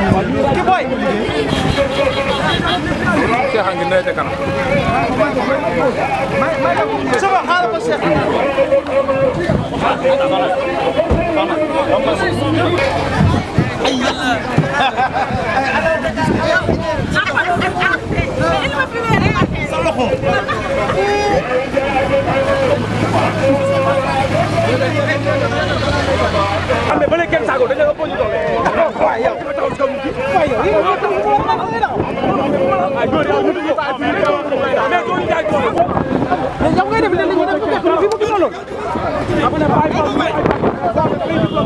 ki boy Cheikh a ngi ne te kanam sama xaar ba Cheikh ay yàlla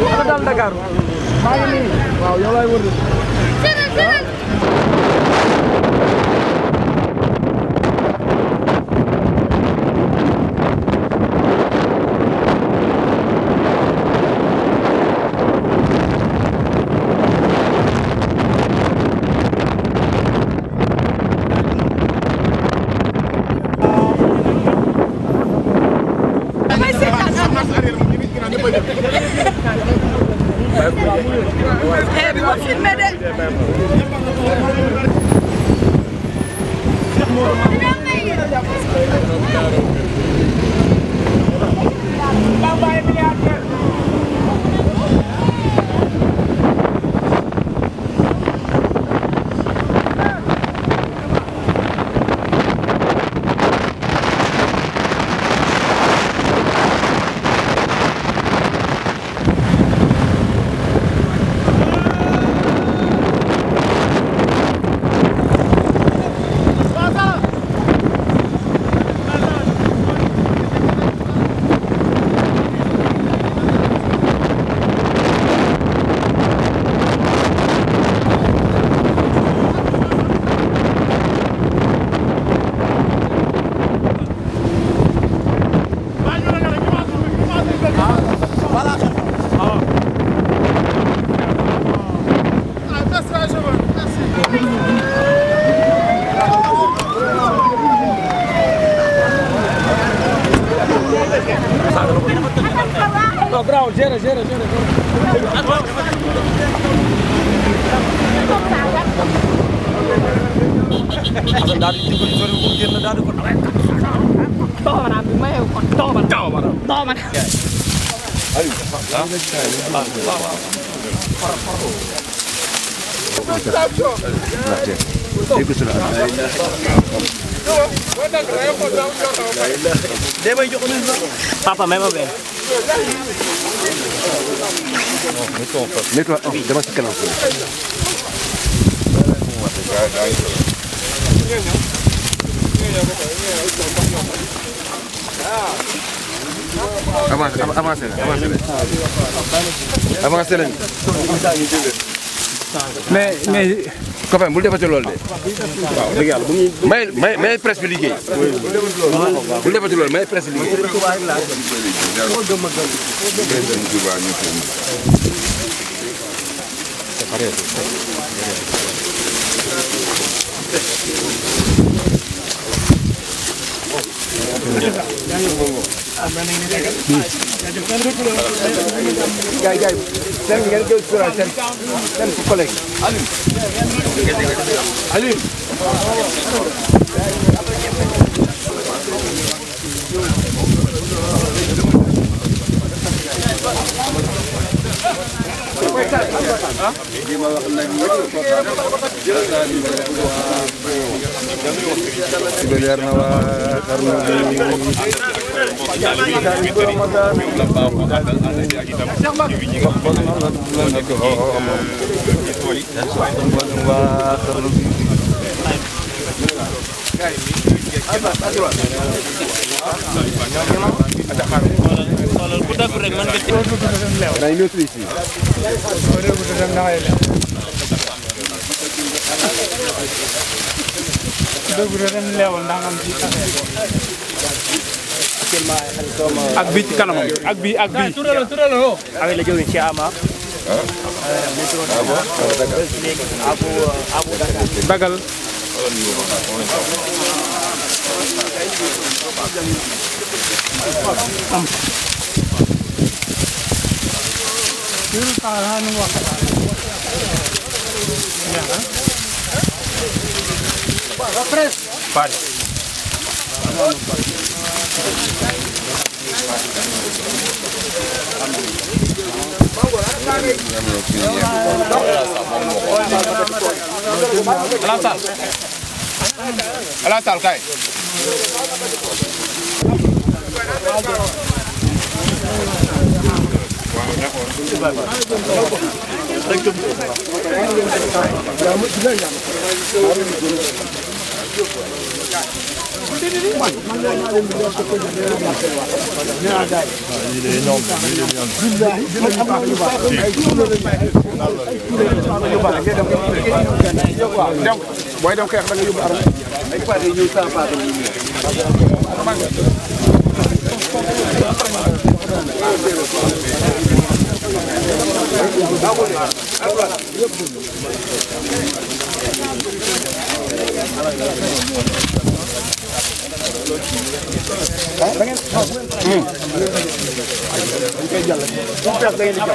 waaw daal Dakar. maa ngi nii waaw yow laay wër ma filmé de. Bye bye, milliardaire. non bravo, géré, géré, géré. Ada dari tiba di sore mungkin ada ada kon. Tahu mana, mai kon. Tahu mana. Tahu mana. Tahu mana. Ayo, lah. Lah, lah. Para para. Sensation. Écoute cela. Papa, may ma benn. Mets-toi en devant ci kanam. Avancez, avancez, avancez. Avancez leen. mais mais. Copain bul defati loolu de. waaw dëgg yàlla bu ñuy. may may may presse bi liggéey. bul defati loolu may presse liggéey. Gay gay dem ngeen jël courage dem dem ci collègue Alioune. Alioune. Sudah biar nawa karena dëgg la ren leewal ndax am ci affaire ak bi ci kanamam ak bi ak bi avec le jëwriñ Cheikh Ama dagal Pare. Alan Sall Alan Sall kay waaw booy dem xeex da nga yóbbu arme ay paate ñëw sa paate yi Thank you. da ngeen xaw bu ngeen koy jàll bu fees da ngeen di jàll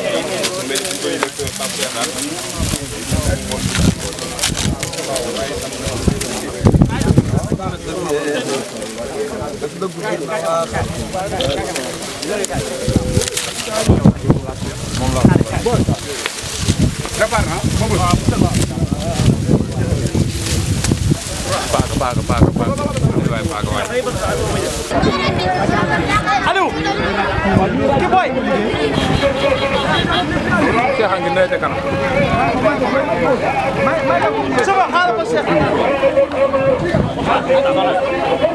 baax a baax a baax waay paaka waay. Aliou. kii booy. Cheikh a ngi nawet a kanam. suba xaaral ma Cheikh.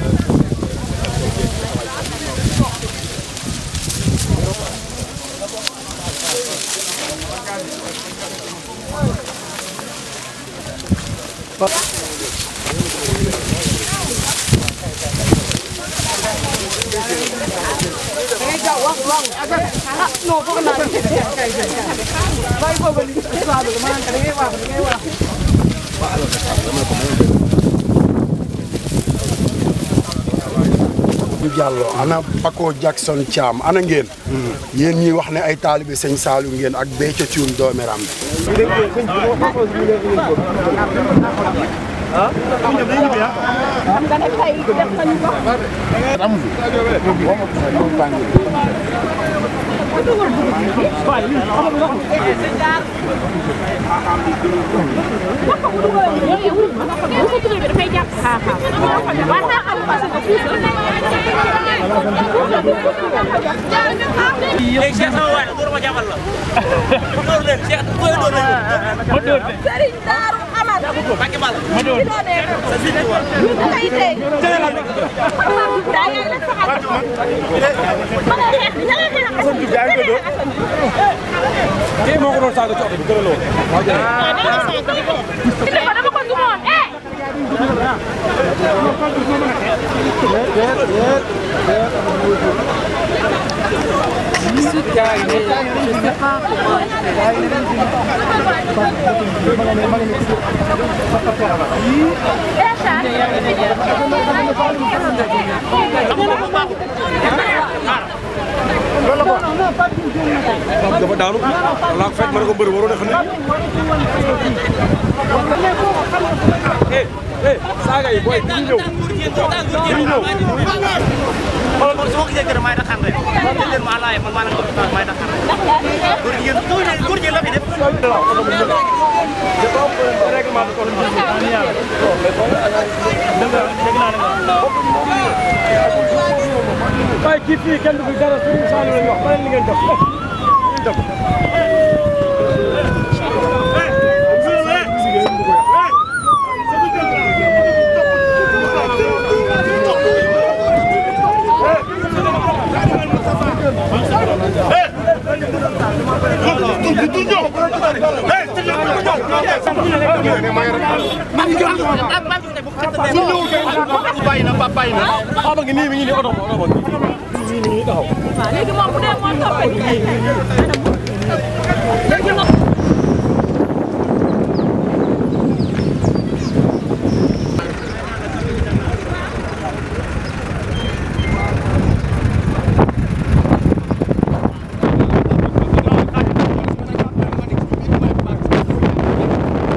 Diallo ana Paco Jackson Thiam ana ngeen yéen ñuy wax ne ay taalibe sëñ Saalu ngeen ak Béthio Thioune dooméram bi léegi Cheikh sama waay la dóor ma jàppal la. ma dóor leen Cheikh ma dóor leen. ma dóor leen Serigne Darou Amar. Mbacke Ball ma dóor leen. sa si ne waaw. da ngay dee. jërë nga def. daa yaa ngi saxal. ma nga xeex ña nga xeex. Assane Diouf yaa ngi koy dóor. kii moo ko doon saaga ci oto bi gërëloo. waaw jërëjëf. waaw dama saaga di ko. dama ko dumoon eh. Yes, sir. loolu la ko wax. donc dafa daanu. wala ak fekk mën ko bëri waroo def ne. eh eh saaga yi booy bi ñu ñëw. bi ñu ñëw. xoolal man su ma gisee gërëm maay daxaan rek. man dañ leen ma àllaaye man maa leen ko maay daxaan rek. góor jigéen góor jigéen la fi def. règlement de compte. waaye kii fii kenn du fi dara Serigne Saliou la ñu wax ba li ngeen def bàyyi na Pape bàyyi na xaw ma ngi nii mi ngi nii oto ma oto ma ngi nii mi ngi taxaw.